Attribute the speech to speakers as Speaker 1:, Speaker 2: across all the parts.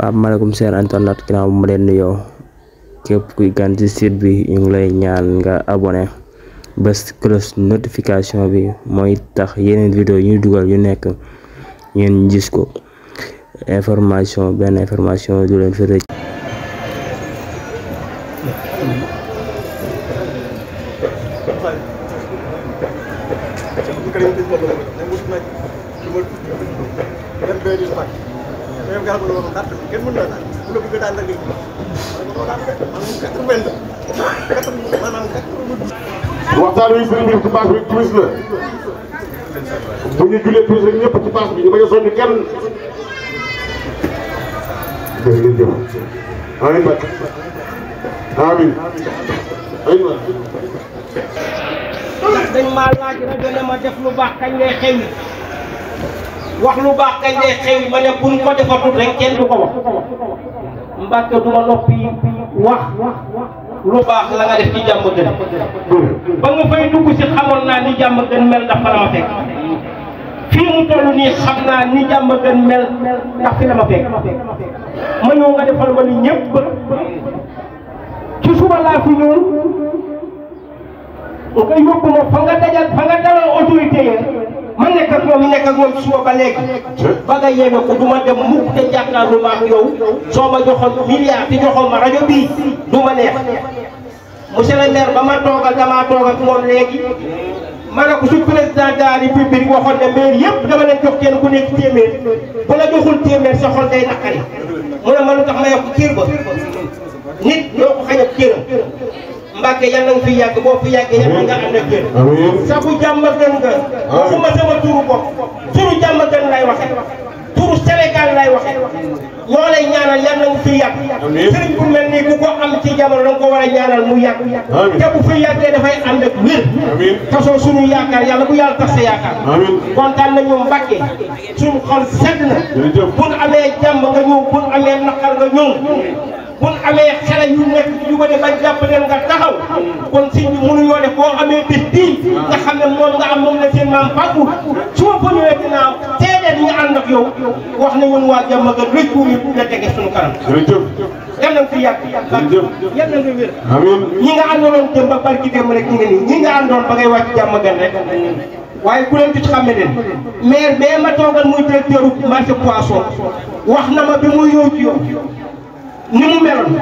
Speaker 1: amalakum sen antonat Lat kina mulen yo kep kuy ganti sit bi ñu lay ñaan nga abonné ba cross notification bi moy tax yeneen ya, video ñu duggal yu nekk ñen gis ko information ben information du len fi timis la bu ñu julee
Speaker 2: amin amin
Speaker 1: amin lu baax la nga def ci jàmm gën ba nga fay dugg si xamoon naa ni jàmm gën mel ndax fa la ma fekk fii mu toll nii xam naa ni jàmm gën mel ndax fi la ma fekk ma ñëw nga defal ma ni ñëpp suba laa fi ñëw nga yóbbu ma fa nga dajal fa nga dalal autorité ma nekk ak moom nekk ak moom suba ba léegi ba nga yéeme ko du ma dem mukk te jàkkaarloo ma yow soo ma joxoon milliard te joxoon ma rajo bii du ma neex monsieur le maire ba ma toogal damaa toog ak moom léegi a ne ko su président de la république waxoon ne dama leen jox kenn ku nekk téeméer bu la joxul téeméer sa xol day naqari mu ne ma lu tax ma yokk cër ba nit ñoo ko xañ ak Mbacke yàlla nga fi yàgg boo fi yàgg yàlla nga am na jël sabu jàmbagan nga waxuma sama turu bopp turu jàmbagan lay waxe turu Sénégal lay waxe ñoo lay ñaanal yàlla nga fi yàgg sëriñ bu mel nii ku ko am ci jamono da nga ko war a mu yàgg te bu fi yàggee dafay ànd ak wér tasoo suñu yaakaar yàlla bu yàlla tax sa yaakaar kontaan nañu Mbacke suñu xol sedd na buñ amee jàmm nga ñëw buñ amee naqar nga ñëw buñ amee xale yu nekk yu bëri ba jàpp leen nga taxaw kon sëñ bi mënuñoo def boo amee bés bii nga xam ne moom nga am moom la seen maam fàggu su ma fa ñëwee dinaa teedee ñu ànd ak na ñun waa jàmm ga luy tuumi la tege suñu kanam. na nga fi yàgg. jërëjëf yal na nga wér. amiin ñi nga àndoon dem ba barki dem rek ñu ngi nii ñi nga àndoon ba ngay wàcc jàmm gan rek. waaye ku leen di xam ne leen maire bee ma toogal muy directeur marché poisson wax na ma bi muy yow ci yow ni mu meloon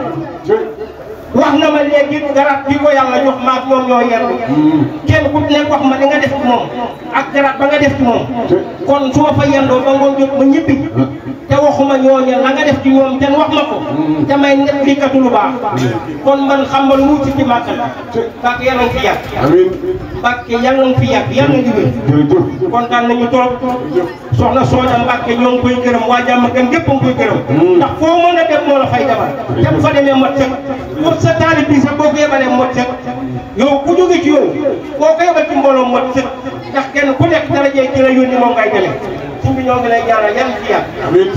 Speaker 1: wax na ma léegi garab bi ko yàlla jox ma ak moom ñoo yendu hmm. kenn ku ne wax ma li nga def ci moom ak garab ba nga def ci moom kon su ma fa yendoo ba ngoon jot ma ñibbi te waxuma ñooñu la nga def ci ñoom kenn wax ma ko hmm. te may nekk li katu lu baax hmm. kon man xam ma lu mu ci ci màggal bak yàlla nga fi yàgg bak yàlla nga fi yàgg yàlla nga fi wér kontaan nañu trop soxna Soxna Mbacke ñoo ngi koy gërëm waa jàmm gën ñëpp a ngi koy gërëm. Mm. ndax foo mën a dem moo la fay demal. dem fa demee mot sëkk pour sa taalib bi sa ku jóge ci yow boo ko yebal ci mbooloo mot sëkk ndax kenn ku nekk dara jëye ci la yónni moom ngay demee. suñ bi ñoo ngi lay ñaanal yàlla ci yàgg.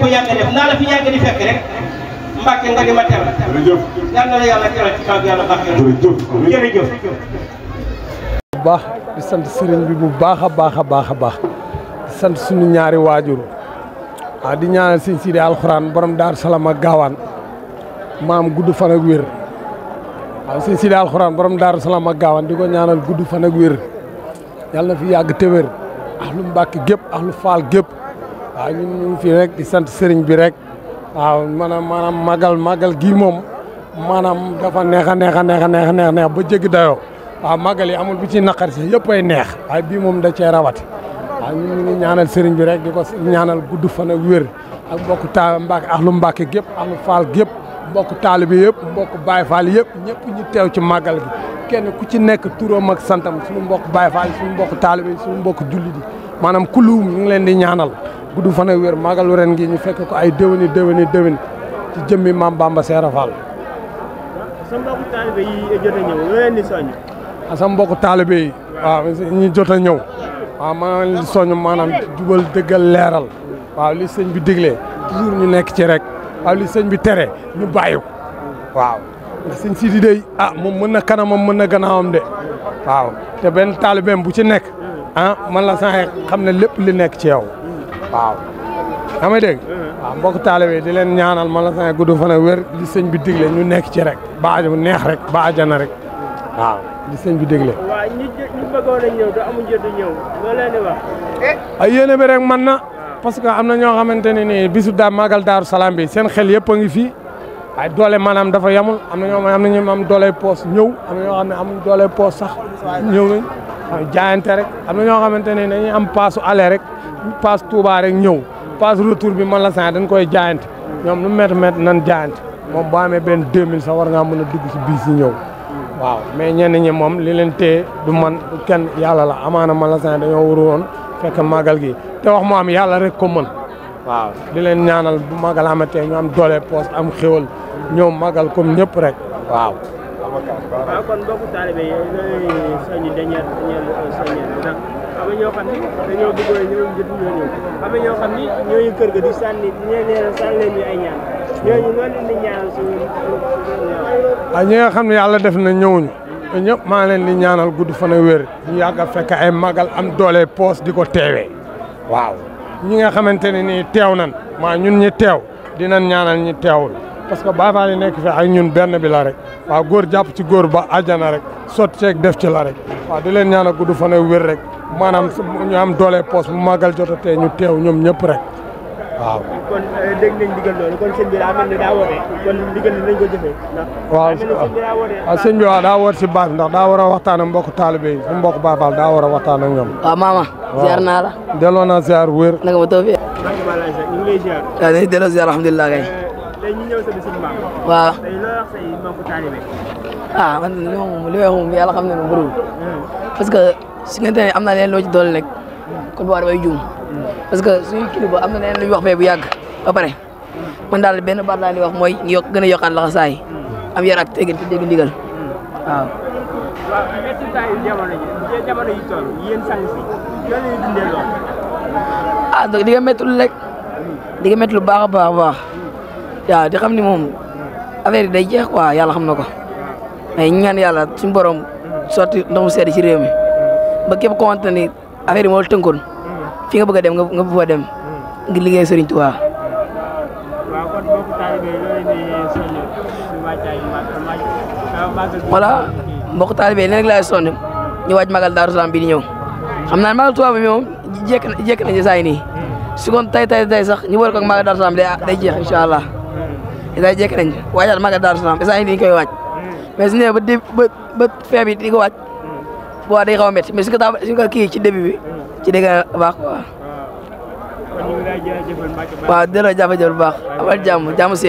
Speaker 1: ko yàgg def naa la fi yàgg di fekk rek. Mbacke nga di ma teral. la yàlla teral ci kaw yàlla
Speaker 3: bu baax di sant sëriñ bi bu baax a baax a baax a baax di sant suñu ñaari ah, di ñaanal sëñ Sidi alxuraan borom maam gudd fan ak wér waaw ah, Sidi alxuraan borom Daaru Salaam ak gaawaan di ko ñaanal gudd fan ak wér yàlla na fi yàgg te ah ahlu Mbàkke gépp ahlu Faal gépp waaw ah, ñun ñu fi rek di sant sëriñ bi rek magal magal gii moom maanaam dafa neex a neex a neex a neex ba magali amul bu ci nakar ci yëpp ay neex ay bi mom da ci rawat ñu ngi ñaanal serigne bi rek diko ñaanal guddu fa na wër ak bokku ta mbak ahlu mbak gep gépp ak lu Faal gépp mbokku taalibe yëpp mbokku Baay Faal ñu tew ci magal gi kenn ku ci nekk turam ak santam suñu mbokk bay Faal suñu mbokk talib suñu mbokk jullit yi maanaam kulluum ñu ngi leen di ñaanal gudd fan ak wér màggalu ren gi ñu fekk ko ay ci jëmmi mam Bamba sama mbokk taalibe yi waaw ñi jot a ñëw waaw maa ngi soññ maanaam jubal dëggal leeral waaw li sëñ bi digle toujours ñu nekk ci rek waaw li sëñ bi tere ñu bàyyi waaw ndax sëñ Sidi a ah moom mën na kanamam mën na gannaawam de waaw te benn taalibeem bu ci nekk a ah man la sax xam ne lépp li nekk ci yow waaw yaa may dégg waaw mbokk taalibe di leen ñaanal man la sax fan a wér sëñ bi digle ñu nekk ci rek baaja neex rek na rek waaw li sëñ bi dégle
Speaker 1: waaw ñi ñu bëggoon a ñëw te amuñ jot a ñëw loo leen
Speaker 3: eh? bi rek mën na parce que am na ñoo xamante ne nii bisu daa màggal daaru salaam bi seen xel yëpp a ngi fii ay doole maanaam dafa yamul am na ñoo am na ñu am doole poos ñëw am na ñoo xam ne amuñ doole poos sax ñëw nañ jaayante rek am na ñoo xamante ne dañuy am paasu aller rek paas Touba rek ñëw paas retour bi man la saa dañ koy jaayante ñoom lu métti métti nan jaayante moom boo amee benn 2000 sa war ngaa mën a dugg si biis yi ñëw waaw mais ñenn ñi moom li leen téye du man kenn yàlla la amaana man la sax dañoo wuru woon fekk màggal gi te wax mu am yàlla rek ko mën waaw di leen ñaanal bu màggal amatee ñu am doole poos am xéwal ñëw màggal kom ñëpp rek waaw.
Speaker 1: waaw kon mbokku taalibe yi dañuy soññi dañuy soññi ndax am na ñoo xam ni dañoo bëggoon ñëw jotuñoo ñëw am na ñoo xam ni ñooñu kër ga di sànni ñeneen sànni leen ñu ay ñaan.
Speaker 3: ah ñi nga xam ne yàlla def na ñëwuñu ñëpp maa leen di ñaanal gudd fan a wér ñu yàgg a fekk ay magal am doole poos di ko teewee waaw ñi nga xamante ne nii teew nan maa ñun ñi teew dinañ ñaanal ñi teewul parce que baabaal yi nekk fi ak ñun benn bi rek waaw góor jàpp ci góor ba àjjana rek sotti ceeg def ci la rek waaw di leen ñaanal gudd fan a wér rek maanaam ñu am doole poos bu magal jotatee ñu teew ñoom ñëpp rek waaw
Speaker 1: kon eh, dégg nañ daa
Speaker 3: mel ah, si baat ndax daa war a waxtaan ak mbokk taalibe yi bu
Speaker 4: a waxtaan ñoom waaw maama ziar naa la delloo naa ziar wér naka ma toog fii delloo ziar alhamdulilah kay eh, waaw tey loo wax say mbokk taalibe ah man ne moom bëriwul hmm. parce que su am naa leen loo ci doole rek hmm. kon bu war juum parce que suñu kilifa am na leneen lu ñu wax fee bu yàgg ba pare man daal benn baat wax mooy ñu gën a yokkaat laxasaay am yar a ngi dundee lool. ah di nga métti lu rek di nga métti lu baax a baax a baax waaw di xam ni moom affaire yi day jeex quoi yàlla xam na ko mais ñaan yàlla suñu borom sotti ndox mu sedd ci réew mi ba képp koo xamante ni affaire yi moo fi nga bëgg dem nga bu fa dem ngir liggéey Serigne Touba waaw kon bokku
Speaker 1: talibé loolu ni soñu ñu waccay magal wala
Speaker 4: bokku talibé ne rek laay sonn ñu wajj magal daru Salam bi di ñew xamna magal Touba bi moom jek jekk nañu say ni su kon tay tay tay sax ñu war ko magal daru Salam day day jeex inshallah day jek nañ waccal magal daru Salam say ni koy wajj mais su ne ba ba ba feebi di ko wajj bo day xaw metti mais su ko ta ci début bi ci dégg bu baax quoi. waaw di la jaajëfal bu baax amal jàmm jàmm si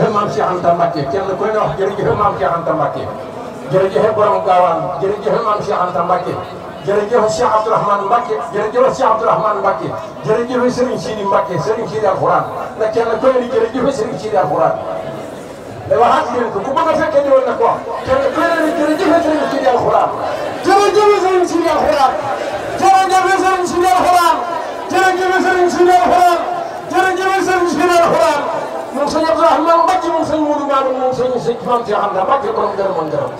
Speaker 4: jërëjëf
Speaker 5: maam Cheikh Anta Mbacke kenn ku ne wax jërëjëf maam Cheikh Anta Mbacke jërëjëf borom gaawaan jërëjëf maam Cheikh Anta Mbacke jërëjëf Cheikh Abdourahmane Mbacke jërëjëf Cheikh Abdourahmane Mbacke jërëjëf Serigne Sidi Mbacke Serigne Sidi Alxuraan
Speaker 2: na kenn ku ne di jërëjëf Serigne Sidi Alxuraan te waxaat leen ko ku bëgg a fekkee ñëwal na ko wax kenn ku ne di jërëjëf Serigne Sidi Alxuraan jërëjëf Serigne Sidi Alxuraan jërëjëf Serigne Sidi Alxuraan jërëjëf Serigne Sidi Alxuraan jërëjëf Serigne Sidi Alxuraan moom sëñ Abdourahmane Mbacke moom sëñ Modou Mamoun moom sëñ sëñ Mame Cheikh Anta Mbacke borom
Speaker 1: gërëm ak gërëm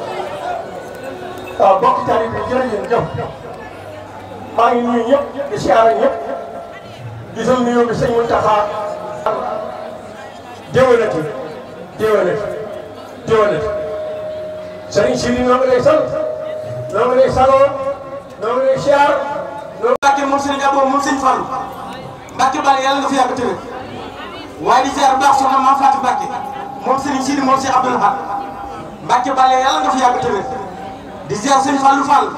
Speaker 1: waaw ah, bokk taalibe bi jërëjëf maa ngi nuyu ñëpp di siyaare ñëpp gisal nuyoo bi sëñ Mountakha déwénati déwénati déwénati sëriñ Sidi noo ngi lay sant noo ngi lay saloo noo ngi lay siyaar. Mbacke moom sëñ Abo moom sëñ Fallou Mbacke Bal yàlla nga fi yàgg tamit.
Speaker 5: waaye di ziar baax soxna Mame Fatou Mbacké moom Serigne Sidi moom Cheikh Abdoul Ahad Mbacké Bale yàlla nga fi yàgg tëwee di ziar Serigne Fallou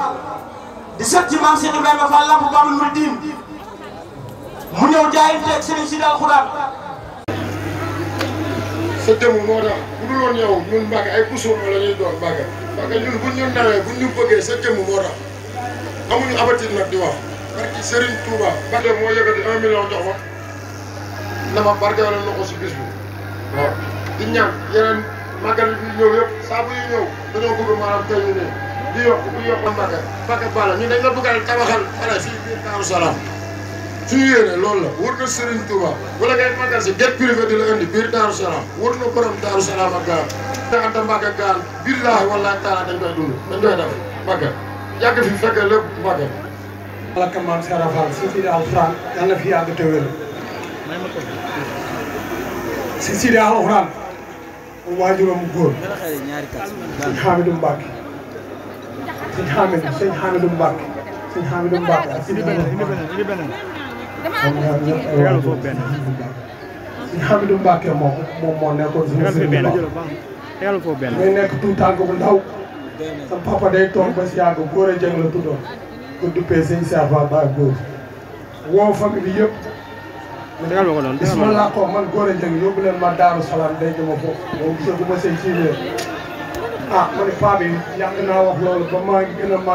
Speaker 5: di sët ci maam Cheikh mu ñëw jaayante ak Serigne Sidi Alxuraan
Speaker 3: sa dem moo bu ñun Mbacké ay ñun buñ ñu nawee buñ ñu moo tax amuñu di wax million jox ma na ma barkeelal na ko si bis bi waaw di ñaan yeneen màggal bi ñëw yëpp saa bu ñu
Speaker 2: ñëw dañoo bëgg maanaam tey ñu ne di yokk di yokk Mbacke Mbacke Balla ñun dañ la bëgg a tabaxal
Speaker 3: fële si biir Daaru Salaam suñu yéene loolu la wër na Serigne Touba wala ngay màggal si gerte privé di la indi biir Daaru Salaam wër na borom Daaru Salaam ak gaan te Anta Mbacke gaan billaahi wallaahi taala dañ koy dund dañ koy def Mbacke yàgg fi fekk lépp Mbacke alaka maam Serafal su fi alxuraan si Sidi Alxuraan waajuram góor sëñ Xamidu Mbàkke sëñ Xamidu sëñ Xamidu Mbàkke sëñ Xamidu Mbàkke ak sëñ Xamidu Mbàkke moom moom moo nekkoon suñu sëñ Mbàkke muy nekk tout tànk bu ndaw sa papa day toog ba si yàgg góor a jëng la tuddoon ko duppee sëñ Safa Ba góor woo famille bi dëggal ma man laa ko man Gora Dieng yóbbu leen ma Daaru denc ma foofu moom gisee bu ma sëy sii weer ah ma ne paa bi ba maa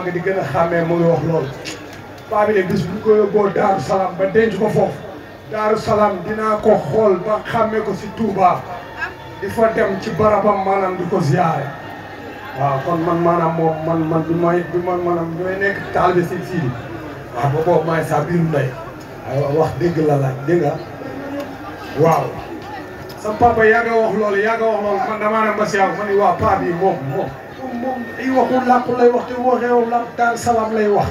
Speaker 3: a di gën a xàmmee mu ngi wax loolu paa bi ne bis bu ko ba denc ko foofu Daaru Salaam dinaa ko xool ba xàmmee ko si Touba di fa dem ci barabam maanaam di ko ziyaare waaw kon man maanaam moom man man bi may bi man maanaam bi may nekk taalibe si Sidi waaw ba boobu maay saa biiru ndey ay wax dégg la laaj wow nga waaw sa papa ya nga wax ya, Mana mana nga wax loolu man damaa ne Massi ma ni waa paa bi moom moom moom ay waxul làkku lay wax te waxee yow la daan salaam lay wax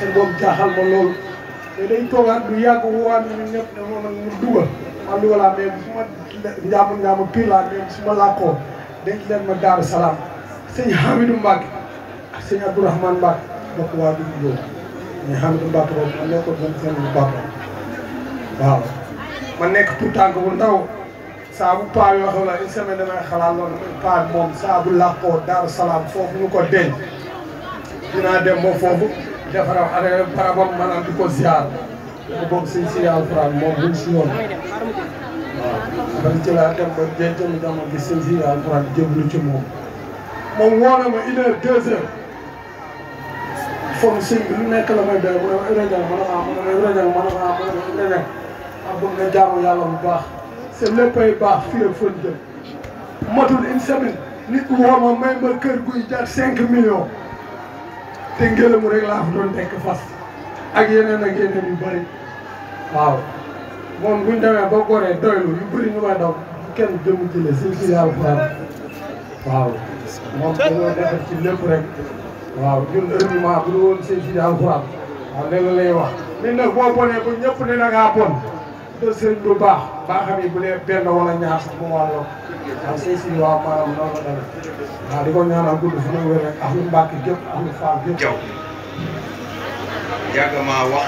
Speaker 3: te boobu jaaxal ma loolu te day toogaat du yàgg waan ñu ñëpp ne moom nag mu dugal man dugalaa mais su ma njaamu ma leen ma Hamidou ñu xam ne Mbacke boobu man nekkul man seen Mbacke waaw. man nekk tout tànk bu ndaw saa bu paa bi waxee wala semaine damay xalaat loolu paa bi moom saa bu làqoo Daaru Salaam foofu ñu ko denc dinaa dem ba foofu defaram adama barabam maanaam di ko ziar dafa bokk si si alxuraan moom buñ si yoon waaw ci laa dem ba denc mu dama gis si si alxuraan jéblu ci moom moom woo na ma une heure foog ne sëñ bi lu nekk la may doy mu ne Ibra Niang mën na maa mën na Ibra Niang mën na maa mën na Ibra Niang am bëgg nga jaamu yàlla bu baax te léppay baax fii ak fan jëm matul une semaine nit ku woo ma may ma kër guy jar cinq millions te ngelamu rek laa fa doon nekk fas ak yeneen ak yeneen yu bëri waaw moom buñ demee ba goree doylu yu bëri ñu may daw kenn jëmu jëlee si si yàlla waaw moom dañoo defar ci lépp rek waaw ñun heureusement bu ñu woon seen si alxuraan waaw léeg lay wax. nit nag boo bonee ba ñëpp ne na bon de sëriñ bu baax baaxam yi bu dee benn wala ñaar sax mu wàllo waaw sëy si waaw maanaam noonu la dara di ko ñaanal gudd fu mu wér rek ak lu mbàkk jaw
Speaker 5: yàgg maa wax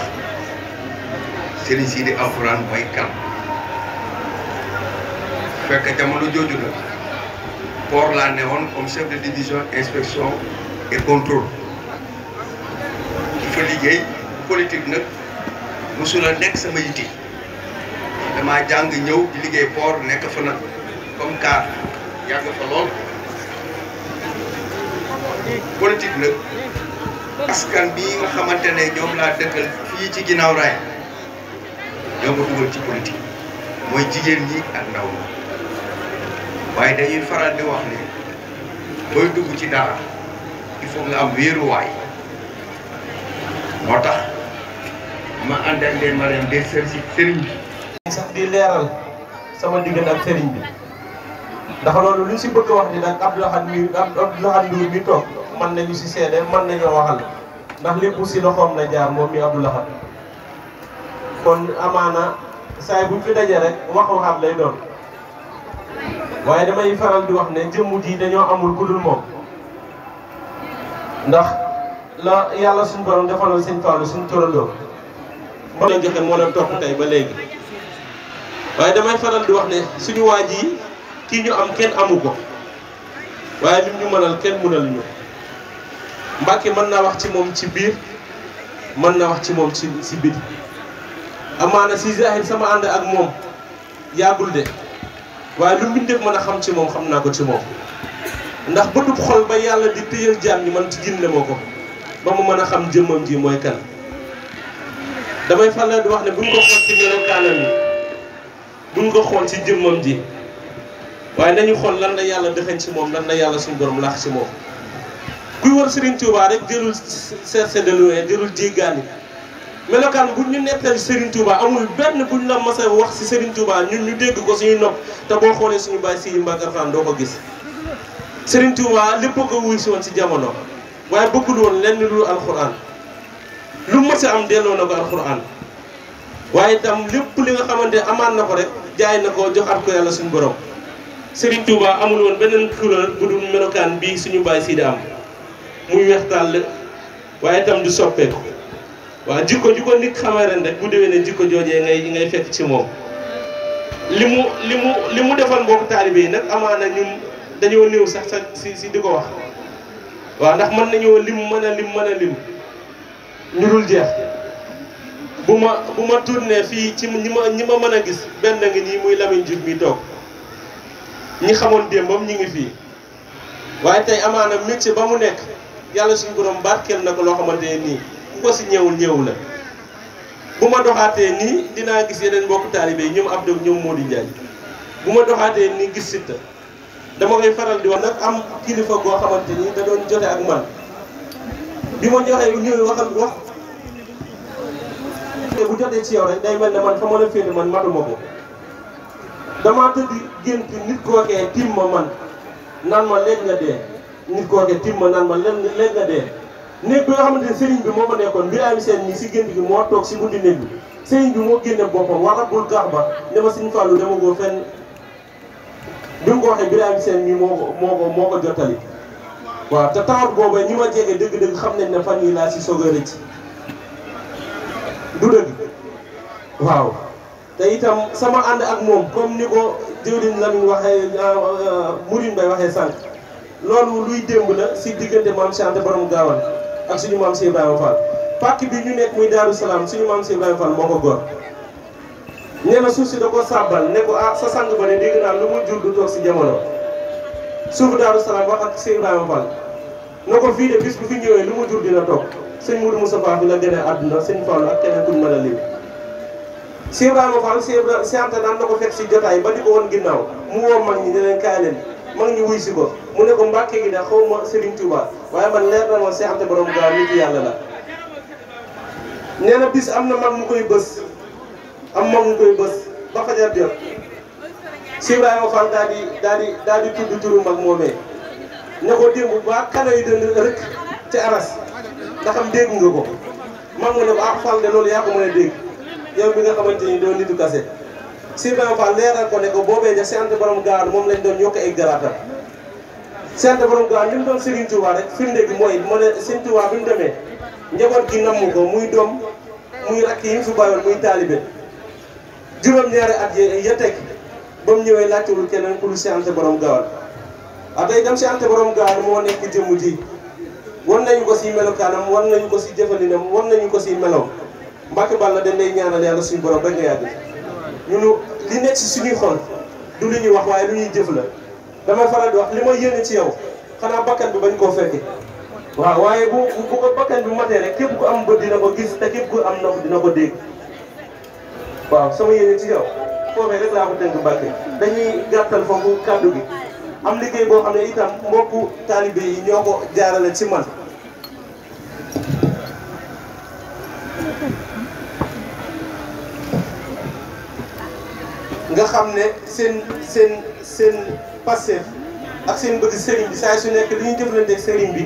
Speaker 5: sëriñ si mooy kan
Speaker 1: fekk jamono jooju la port laa ne woon comme chef de division inspection et contrôle dafa liggéey politique nag mosul a nekk sama yiti damaa jàng ñëw di liggéey port nekk fa nag comme car yàgg fa lool politique nag askan bi nga xamante ne ñoom laa dëkkal fii ci ginnaaw raay ñoo ma dugal ci politique mooy jigéen ñi ak ndaw ñi waaye dañuy faral di wax ne booy dugg ci dara foofu nga am wéeruwaay moo tax ma àndal leen de sër si sëriñ sax di
Speaker 5: leeral sama diggante ak sëriñ bi ndax loolu lu si bëgg wax ni nag Abdou mi Abdou Lahad mi toog mën nañu si waxal ndax la jaar kon amana saay buñ fi daje rek wax waxaat lay doon waaye damay faral di wax ne amul ndax la yàlla suñu borom defaloon sëñ Fallou suñu torandoo moo leen joxe moo leen topp tey ba léegi waaye damay faral di wax ne suñu waa ji kii ñu am kenn amu ko waaye lim ñu mënal kenn mënal ñu Mbàkke mën naa wax ci moom ci biir mën naa wax ci moom ci si biir amaana si zahir sama ànd ak moom yàggul de waaye lu mbindeef mën a xam ci moom xam naa ko ci moom ndax bëtub xol ba yàlla di téyal jaam yi man ci gimle moo ko ba mu mën a xam jëmmam ji mooy kan damay faral di wax ne buñ ko xool ci melokaanam ko xool ci jëmmam ji waaye nañu xool lan la yàlla dëxañ ci moom lan la yàlla suñu borom laax ci moom kuy war Serigne Touba rek jërul chercher de jëlul jërul jéggaani melokaan bu ñu nettali Serigne Touba amul benn buñ la mas a wax ci Serigne Touba ñu ñu dégg ko suñuy nopp te boo xoolee suñu bàyyi si Mbacar Fane doo ko gis Serigne Touba lépp ko wuy si woon jamono waaye bëggul woon lenn lu alxuraan lu mës a am delloo na ko alxuraan waaye itam lépp li nga xamante amaan na ko rek jaay na ko joxaat ko yàlla suñu borom. Serigne Touba amul woon beneen couleur bu dul melokaan bi suñu bàyyi sii di am muy weextaal waaye itam du soppeeku waaw jikko ji ko nit xamee ren rek bu déwénee jikko joojee ngay ngay fekk ci moom. li mu li mu li mu defal mbokk taalibe yi nag amaana ñun. dañoo néew sax sa si si di ko wax waaw ndax mën nañoo lim mën a lim mën a lim ñu dul jeex bu ma bu ma tourné fii ci ñi ma ñi ma mën a gis benn ngi nii muy Lamine Diouf mi toog ñi xamoon démbam ñi ngi fii waaye tey amaana métier ba mu nekk yàlla suñu borom barkeel na ko loo xamante ne nii ku ko si ñëwul ñëw la bu ma doxaatee nii dinaa gis yeneen mbokk taalibe yi ñoom Abdou ñoom Modou Ndiaye bu ma doxaatee nii gis Siteu dama koy faral di wax nag am kilifa goo xamante ni da doon jote ak man bi ma joxee ñuy waxal wax bu jotee ci yow rek day mel ne man fa ma la féete man matuma ko damaa tëdd gént nit kookee tim ma man naan ma léegi nga dee nit kookee tim ma naan ma léegi nga dee néeg bi nga xamante ne sëriñ bi moo fa nekkoon mbir am seen nii si gént gi moo toog si guddi néeg bi sëriñ bi moo génne boppam war a gaax ba dama siñ fàllu dama goo fenn bi mu ko waxee Birame Sène mi moo ko moo ko moo ko jottali waaw te tawat boobu ñi ma jege dëgg-dëgg xam nañ ne fan yii laa si soog a rëcc du dëgg waaw te itam sama ànd ak moom comme ni ko diwlin Lamine waxee euh, Mourine Mbaye waxee sànq loolu luy démb la si diggante maam Cheikh Anta borom gaawal ak suñu maam Cheikh Ibrahima Fall pàcc bi ñu nekk muy Daaru Salaam suñu maam Cheikh Ibrahima Fall moo ko gor nee na suuf si da ko sàbbal ne ah sa sang ba ne dégg naa lu mu jur du toog si jamono suufu Daaru Salaam wax ak si Ibrahima Fall na ko fii de bis bu fi ñëwee lu mu jur dina toog sëñ Mourou Moustapha bi la gën a àdduna sëñ Fall ak keneen ku mën a lim si Ibrahima Fall si Ibrahima si na ko fekk si jotaay ba di ko woon ginnaaw mu woo mag ñi ne leen kaay leen mag ñi wuy si ko mu ne ko mbàkke gi de xaw ma Serigne Touba waaye man leer na ma si Anta am mag mu koy bës ba fajar jot si Ibrahima Fall daal di daal di daal di tudd turu ne ko démb ba kana yi dënd rëkk ci aras ndax am dégg nga ko mag mu ne ko ah Fall de loolu yaa ko mën a dégg yow bi nga xamante ni doo nitu kase si Ibrahima Fall leeral ko ne ko boobee de sant borom gaar moom lañ doon yokk ay garaatam sant borom mu doon Serigne Touba moo ne Serigne Touba bi mu demee njaboot gi namm ko muy doom muy rakk yi mu fi bàyyoon muy taalibe juróom-ñaari at ya teg ba mu ñëwee laajtewul keneen ku dul Cheikh Anta Borom Gaawar waaw tey dem Cheikh Anta Borom Gaawar moo nekk jëmm ji wan nañu ko si melokaanam wan nañu ko si jëfandinam wan nañu ko si meloom Mbàkke Balla dañ lay ñaanal yàlla suñu borom rek nga yàgg ñunu li nekk si suñuy xol du lu ñuy wax waaye lu ñuy jëf la damay faral di wax li ma yéene ci yow xanaa bakkan bi bañ ko fekke waaw waaye bu bu ko bakkan bi matee rek képp ku am bët dina ko gis te képp ku am nopp dina ko dégg waaw sama yéene ci yow foofee rek laa ko tënk Mbàkke dañuy gàttal foofu kàddu gi am liggéey boo xam ne itam mbokku taalibe yi ñoo ko jaarale ci man nga xam ne seen seen seen passé ak seen bëgg sëriñ bi saa su nekk dañuy ñu jëflante sëriñ bi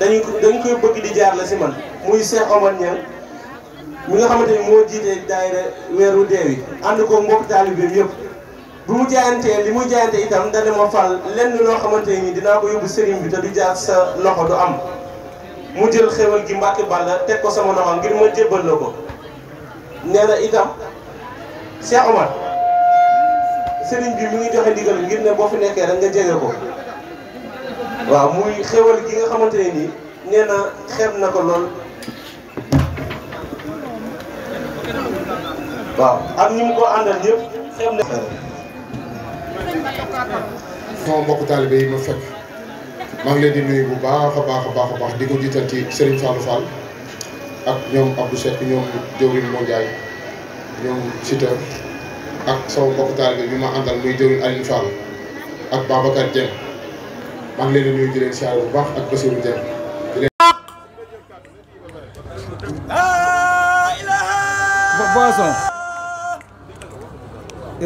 Speaker 5: dañu dañ koy bëgg di jaar la si man muy Cheikh Omar Niang mi nga xamante ni moo jiite daayira weeru dee wi ànd ko mbokk taalibeem yëpp bu mu jaayantee li mu jaayante itam dana ma fal lenn loo xamante nii dinaa ko yóbbu sëriñ bi te du jaar sa loxo du am mu jël xéwal gi Mbàkke Balla teg ko sama loxo ngir ma jébbal la ko nee na itam Cheikh Omar sëriñ bi mi ngi joxe ndigal ngir ne boo fi nekkee rek nga jege ko waaw muy xéwal gi nga xamante ne nii nee na xeeb na ko lool waaw ak ñu mu ko àndal yëpp xem ne
Speaker 3: sama mbokk taalibe yi ma fekk maa ngi leen di nuyu bu baax a baax a baax a baax di ko jiital ci Serigne Fallou Fall ak ñoom Abdou Seck ñoom jëwriñ moo jaay ñoom Sita ak sama mbokk taalibe bi ma àndal muy jëwriñ Aline Fall ak Babacar Dieng maa ngi leen di nuyu di leen bu baax ak Bassirou Dieng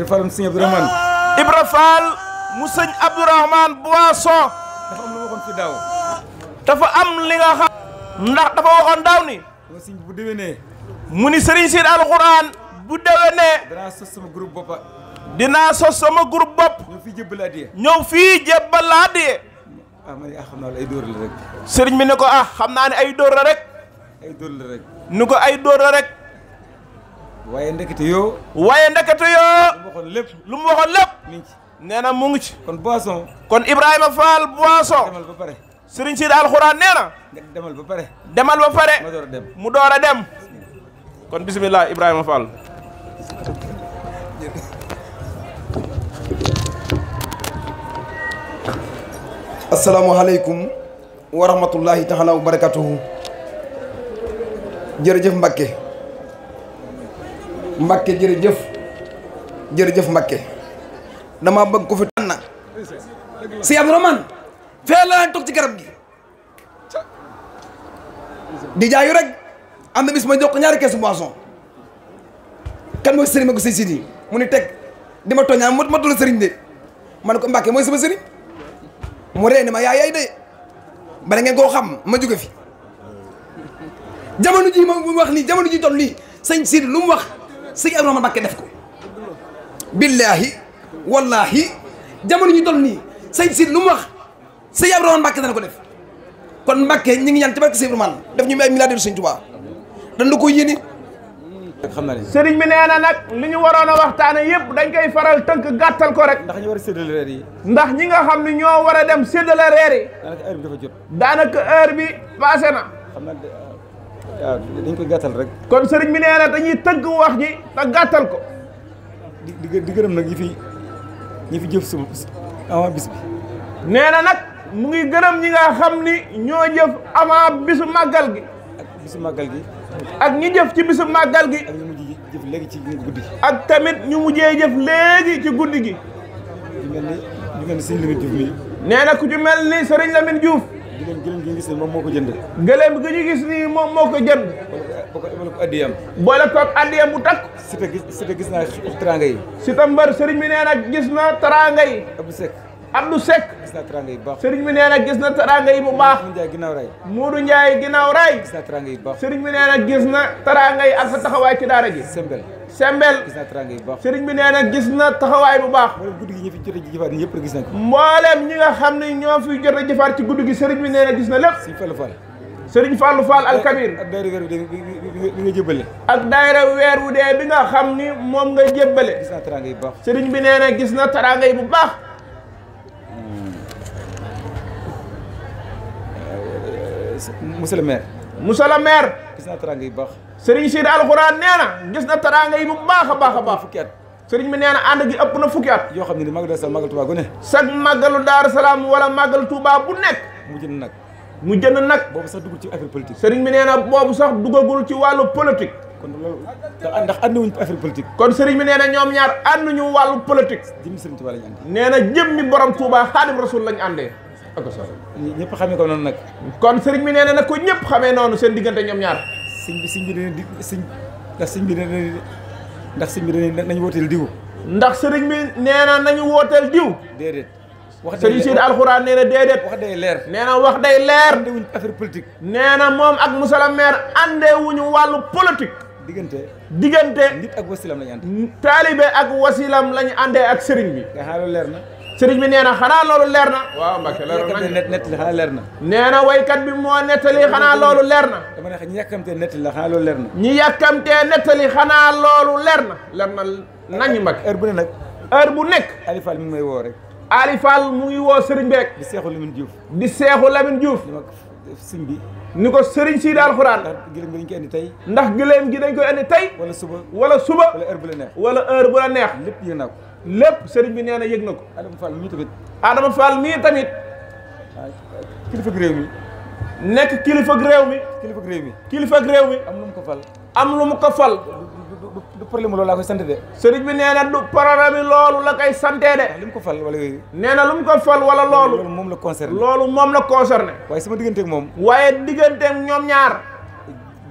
Speaker 5: Ibrahima sëñ Abdourahmane. Ah! Ibra Fall mu sëñ Abdourahmane Boisson. dafa am lu dafa am li xam. ndax dafa waxoon daaw ni. mu sëñ bu déwénee. mu ni Serigne Sine alxuraan bu déwénee. danaa sos sama groupe bopp dinaa sos sama groupe bopp. ñëw fii jébbal addiye. ñëw fii jébbal addiye. ah man ah ne ko ah xam naa ne ay dóor la rek. ay dóor la rek. ko ay dóor rek. waaye ndekete yoo. waaye ndekete yoo. lu mu waxoon lépp lu mu ngi ci. kon boisson. kon Ibrahima Fall boisson. demal ba pare. Serigne Sidi demal ba pare. demal ba pare. mu door dem mu dem. kon Bismillah Ibrahima Fall. asalaamualeykum wa rahmatullahi taala wa barakatuhu jërëjëf jeuf jere jeuf mbacke dama bëgg ko fi tànn si Abdourahmane fee la tok ci garab gi di jaayu rek amna na bis ma jox ko ñaari caisse boisson kan moy serigne ko seyidi mu ni teg di ma tooñaa ma ma tudd de man ko mbacke moy sama serigne mu reene ni ma yaay de ba nga ko xam ma fi jamono ji ma wax ni jamono ji lu mu wax sëñ Abdourahmane Mbacké def ko billaahi wallaahi jamono ñu toll nii sëñ si lu mu wax sëñ Abdourahmane Mbacké ko def kon Mbacké ñu ngi ñaan ci barke sëñ Abdourahmane def ñu ay milliardaire sëñ Touba dañ la ko yéene xam naa ne sëriñ bi nee na nag li ñu waroon a waxtaane yëpp dañ koy faral tënk gàttal ko rek ndax ñu war a séddale ndax ñi nga xam ne ñoo war a dem séddale reer yi daanaka heure bi dafa jot daanaka heure na waaw dañ koy gàttal rek. kon sëriñ bi nee dañuy tëgg wax ji te gàttal ko. di di gërëm nag ñi fi ñi fi jëf suba avant bis bi. nee nag mu ngi gërëm ñi nga xam ni ñoo jëf avant bisu màggal gi.
Speaker 1: ak bisu gi.
Speaker 5: ak ñi jëf ci bisu màggal gi. ak ñu mujj jëf léegi ci guddi gi. ak tamit ñu mujjee jëf léegi ci guddi gi. ñu ku ni mel ni sëriñ la Diouf mii. Gila gila gi gis ni moom moo Gila jënd gëlëm gi ñu gis ni moom moo ko jënd boole ko addiyam boole ko addiyam bu takk sita gis sita gis naa teranga yi sita mbar sëriñ bi nee na gis na teranga yi Abdou Seck Abdou Seck gis na teranga yi bu baax sëriñ bi nee gis na teranga yi bu baax Modou Ndiaye ginnaaw raay Modou Ndiaye ginnaaw raay gis na teranga yi baax sëriñ bi nee gis na teranga yi ak sa taxawaay ci daara ji sembel sembel gis naa teraanga yu baax sëriñ bi nee na gis na taxawaay bu baax mboolem guddi gi ñu fi jot a jëfaat ñëpp nga xam ne ñoo fi jot a jëfaat ci guddi gi sëriñ gis na lépp sëriñ Fallou Fall sëriñ Fallou Fall al Kabir ak daayira weer wu bi nga jébbale moom nga jébbale gis naa teraanga yu gis na teraanga yi bu baax monsieur monsieur le maire. gis naa teraanga yi baax. Serigne Sidi Alxuraan nee na gis na teraanga yi bu baax a baax a baax. fukki at Serigne bi nee ànd gi ëpp na fukki at. yoo xam ne ni màggalu Daaru Salaam màggal Touba gu ne. sag màggalu Daaru Salaam wala màggal Touba bu nekk. mu jënd nag. mu jënd nag. boobu sax dugul ci affaire politique. Serigne bi nee na boobu sax dugagul ci wàllu politique. kon loolu ndax ànd wuñ affaire politique. kon Serigne bi nee na ñoom ñaar ànduñu wàllu politique. jëmmi Serigne Touba lañ ànd. nee na jëmmi borom Touba Xaadim Rasul lañ àndee ak ko sori ñëpp xamee ko noonu nag kon sëriñ bi nee na nag ko ñëpp xamee noonu seen diggante ñoom ñaar sëñ bi sëñ bi dana di sëñ ndax sëñ bi dana ndax sëñ bi dana nañu wooteel diw ndax sëriñ bi nee na nañu wooteel diw déedéet wax sëriñ Sidi alxuraan nee na déedéet wax day leer nee na wax day leer andewuñu affaire politique nee na ak monsieur le maire andewuñu wàllu politique diggante diggante nit ak wasilam lañu ànd taalibe ak wasilam lañu àndee ak sëriñ bi nga xam leer na sëriñ bi nee na xanaa loolu leer na. waaw Mbacke leer na ñàkk net nettali xanaa leer na. nee na waykat bi moo nettali xanaa loolu leer na. dama ne ñi yàkkamtee nettali la xanaa loolu leer na. ñi yàkkamtee nettali xanaa loolu leer na. leer na nañu Mbacke. heure bu ne nag. heure bu nekk. Aliou Fall mi ngi may woo rek. Aliou Fall mu ngi woo sëriñ bi rek. di Seexu Lamine Diouf. di Seexu Lamine Diouf. sëñ bi. ni ko sëriñ si daal xuraan. ndax gëléem gi dañ koy andi tey. ndax gëléem gi dañ koy andi tey. wala suba wala suba. wala heure bu la neex. wala heure bu la neex. lépp yëg naa ko lépp sëriñ bi nee na yëg na ko. Adama Fall mii tamit. Adama Fall mii réew mi. nekk kilifa réew mi. kilifa réew mi. kilifa réew mi. am lu ko fal. am lu mu ko fal. du problème loolu laa koy sant de. sëriñ bi nee na loolu la kay santee de. li mu ko fal wala nee na lu mu ko wala loolu. moom la concerné. loolu moom la concerné. waaye sama digganteeg moom. waaye digganteeg ñoom ñaar.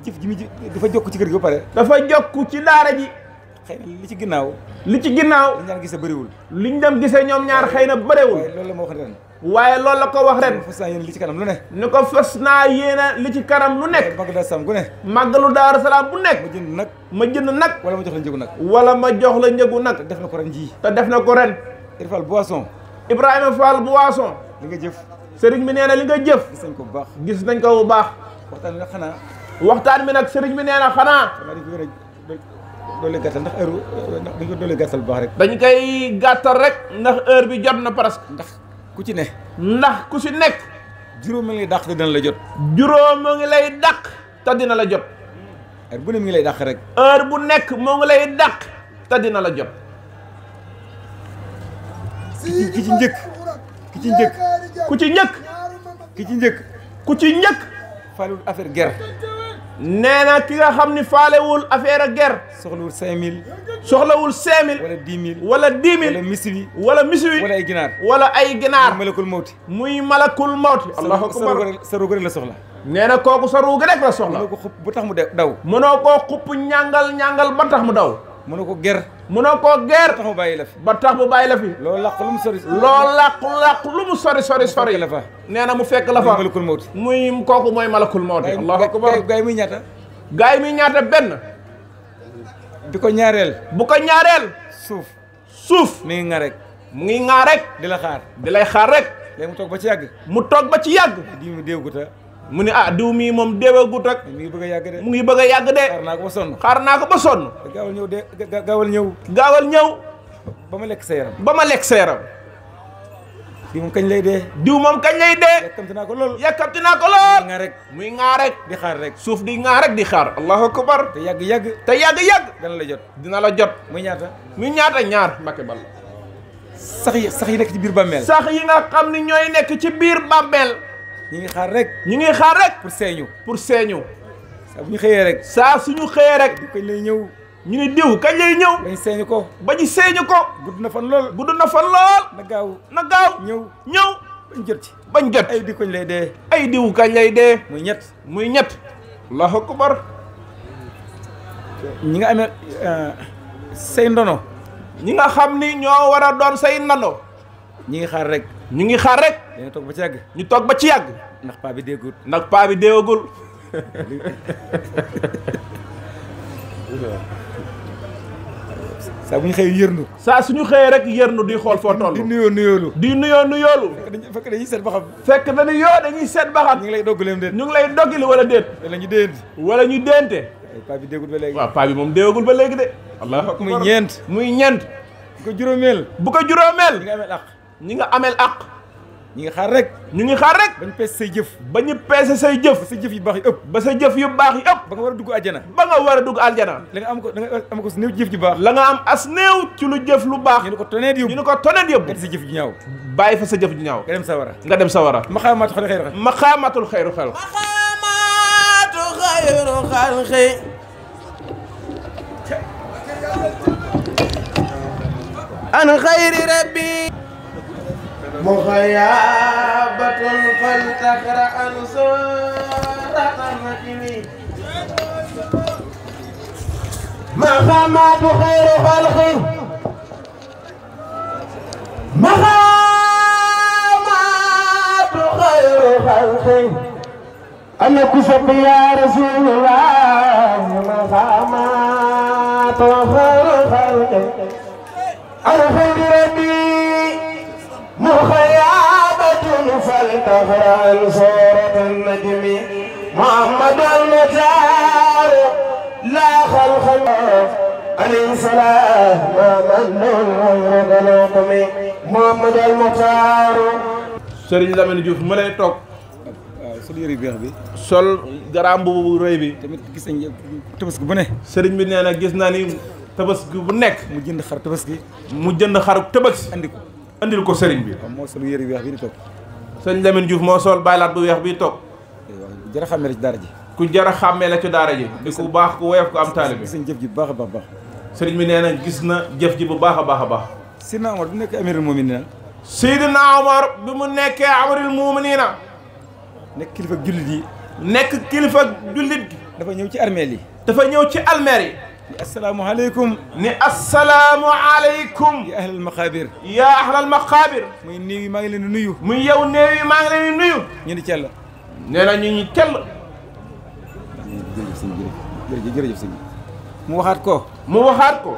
Speaker 5: jëf ji dafa jokk ci kër gi ba pare. dafa jokk ci daara ji. xëy na li ci ginnaaw li ci ginnaaw liñ daan gisee bëriwul liñ daan gisee ñoom ñaar xëy na bëriwul loolu la ma wax ren waaye loolu la ko wax ren fas naa li ci kanam lu ne ni ko fas naa li ci kanam lu nekk màggalu Daaru gu ne màggalu Daaru Salaam bu nekk ma jënd nag ma jënd nag wala ma jox la njëgu nag wala ma jox la def na ko ren def na ko ren Boisson Boisson li nga jëf li nga jëf gis nañ ko bu baax gis nañ ko bu baax doole gàttal ndax heure ndax dañ ko doole gàttal bu baax rek. dañ koy gàttal rek ndax heure bi jot na presque. ndax ku ci ne. ndax ku ci nekk. juróomi ngi lay dàq la jot. juróomi ngi lay dàq te na la jot. heure bu ne mi ngi lay dàq rek. heure bu nekk moo ngi lay dàq te dina la jot. ki ci njëkk
Speaker 4: ki ci njëkk. ku ci njëkk.
Speaker 5: ki ci njëkk. ku ci njëkk. faalewul affaire guerre. نانا كيغا خامني فاليوول افير غير سوخلوول 5000 سوخلاول 5000 ولا 10000 ولا 10000 ولا ميسوي ولا ميسوي ولا اي جنار ولا اي جنار ملك الموت موي ملك الموت الله اكبر سروغ لا سوخلا نانا كوكو سروغ رك لا سوخلا مونو خوب بوتاخ مو داو مونو خوب نيانغال نيانغال باتاخ مو داو munoko ger munoko ger taxu mu la fi ba tax mu bàyyi la fi lo laq lu mu sori lo laq laq lu mu sori sori sori la fa nee mu fekk la fa malakul maut muy koku moy malakul maut allah akbar gay mi ñaata gay mi ñaata ben bi ñaarel bu ko ñaarel suuf suuf mi nga rek mu ngi rek dila xaar dilay xaar rek léegi mu ba ci yag mu tok ba ci yag di mu déeguta mu ne ah diw mii moom deeweegut rek. mu ngi bëgg a yàgg de. mu ngi xaar naa ko ba sonn. xaar naa ko ba sonn. gaawal ñëw de gaawal ñëw. gaawal ñëw. ba ma lekk sa yaram. ba ma lekk sa yaram. diw moom kañ lay de diw moom kañ lay dee. yàkkamti naa ko lool. naa ko rek. muy ŋaa di xaar suuf di ŋaa rek di xaar. allahu akbar. te yàgg yàgg. te yàgg yàgg. dana la jot. dina la jot. muy ñaata. muy ñaata ñaar Mbacke Bal. sax yi sax yi nekk ci biir bàmmeel. sax yi nga xam ni ñooy nekk ci biir bàmmeel ñu ngi xaar rek. ñu ngi xaar rek. pour seeñu pour seeñu. saa bu ñu xëyee rek. saa suñu xëyee rek. kañ lay ñëw. ñu ne diw kañ lay ñëw. bañ seeñu ko. bañ seeñu ko. gudd na fan na fan lool. gaaw na gaaw. ñëw ñëw. jot ci. bañ jot ay di kañ lay dee. ay diw kañ lay dee. muy ñett muy ñett. allahu akbar. ñi nga amee euh, say ndono. ñi nga xam ni ñoo war a doon say ndono. ñi ngi xaar rek. ñu ngi xaar rek. dañu ba ci ñu toog ba ci yàgg. ndax paa bi déggul. ndax paa bi déggul. saa bu ñu xëyee yërnu. saa suñu xëyee rek yërnu di xool foo toll. di nuyoo nuyoolu. di nuyoo nuyoolu. fekk dañuy seet ba xam. fekk dañuy yoo dañuy seet ba xam. ñu ngi lay doggileem déet. ñu ngi lay doggil wala déet. wala ñu déent. wala ñu déente. paa bi déggul ba léegi. waaw paa bi moom déggul ba léegi de. allah muy ñeent. muy ñeent. bu ko juróomeel. bu ko juróomeel. di nga amee laq. ñi nga amel ak ñi nga xaar rek ñi nga xaar rek bañ peese say jëf bañu ñu peese say jëf ba sa jëf yu bax yi ëpp ba sa jëf yu bax yi ëpp ba nga wara dugg aljana ba nga wara dugg aljana la nga am ko da nga am ko neew jëf ju bax la nga am as neew ci lu jëf lu bax ñu ko toneet yu ñu ko ko yu yóbbu sa jëf ju ñaaw bàyyi fa sa jëf ju ñaaw nga dem sawara nga dem sawara maxaamaatu xayru xel maxaamaatul xayru xel maxaamaatu
Speaker 1: xayru khairu
Speaker 2: an xayri rabbi
Speaker 3: مخيابة
Speaker 5: فلتقرأ سورة النجم
Speaker 1: محمد خير خلقه
Speaker 2: محمد خير خلقه أنا كسب يا رسول الله
Speaker 1: محمد خير خلقه أنا خير ربي مخيابة فلتغر
Speaker 2: عن صورة النجم محمد المتار لا خلق عليه السلام ما من غير
Speaker 1: ذنوبهم محمد المتار
Speaker 5: Serigne Lamine Diouf mu lay toog sol yëre beex bi sol garaam boobu rëy bi tamit gis nañ tabaski bu ne sëriñ bi nee na gis naa ni tabaski bu nekk mu jënd xar tabaski mu jënd xaru tabaski andi ko andil ko sëriñ bi. waaw moo sol yére bu weex bi di toog. sëñ Lamine Diouf moo sol baylaat bu weex bi toog. ku jar a xàmmee la ci daara ji. ku jar a xàmmee la ci daara ji. di ku baax ku woyof ku am taalibe. gis nañ jëf ji bu baax a baax baax. sëriñ bi nee na gis na jëf ji bu baax a baax a baax. Seydina Omar bi mu nekkee amirul muminina. Seydina Omar bi mu nekkee amirul muminina. nekk kilifa jullit yi. nekk kilifa jullit. dafa ñëw ci armeel yi. dafa ñëw ci armeel yi. السلام عليكم السلام عليكم يا اهل المقابر يا اهل المقابر من نيو ما لين نيو من يو نيو ما لين نيو ني ني تيل ني لا ني ني تيل جيرجي جيرجي سنجي مو وخات كو مو وخات كو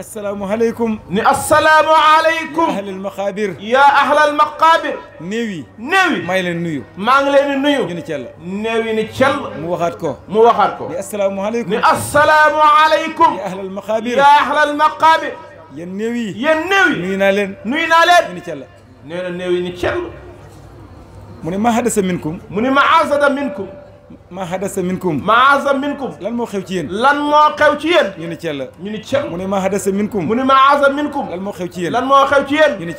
Speaker 5: السلام عليكم السلام عليكم أهل المقابر يا أهل المقابر néew yi néew yi maa ngi leen nuyu maa ngi leen di nuyu ñu ni cell néew yi ni cell mu waxaat ko mu waxaat ko ni asalaamaaleykum ni asalaamaaleykum ya ahlal maqaabir ya ahlal maqaabir yéen néew yi yéen néew yi nuyu naa leen nuyu naa leen ñu ni cell nee na néew yi ni cell mu ne ma hadasa minkum mu ne ma hasada minkum ما حدث منكم ما حدث منكم لن مو خيو تيين لن مو خيو تيين ني ني تيل ني ني تيل موني ما حدث منكم موني ما حدث منكم لن مو خيو تيين لن مو خيو تيين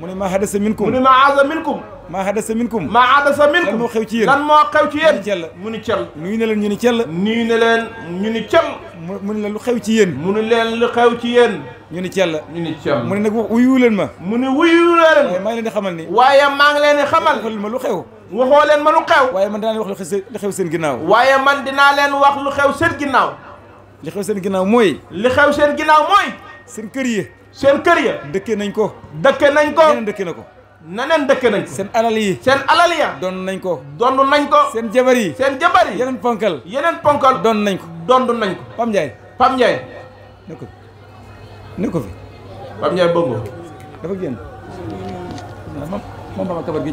Speaker 5: ني ما حدث منكم موني ما حدث منكم ما حدث منكم ما حدث منكم لن مو لن مو خيو تيين ني تيل موني تيل نوي نلان ني لن لو خيو لن لو خيو تيين ñu ni ciel ñu ni ciel mu ne nak wuyu len ma waxoo leen ma lu xew. waaye man dinaa leen wax lu xew seen ginnaaw. waaye man dinaa leen wax lu xew seen ginnaaw. li xew seen ginnaaw mooy. li xew seen ginnaaw mooy. seen kër yi. seen kër ya dëkkee nañ ko. dëkkee nañ ko yeneen dëkkee ko. naneen dëkkee nañ seen alal yi. seen alal ya. doon nañ ko. dondu nañ ko. seen jabar yi. seen jabar yi yeneen ponkal. yeneen ponkal doon nañ ko. dondu nañ ko. Pam Ndiaye. Pam Ndiaye. ne ko ne ko fi. Pam Ndiaye bëgg dafa génn. moom moom Baba Kabar gi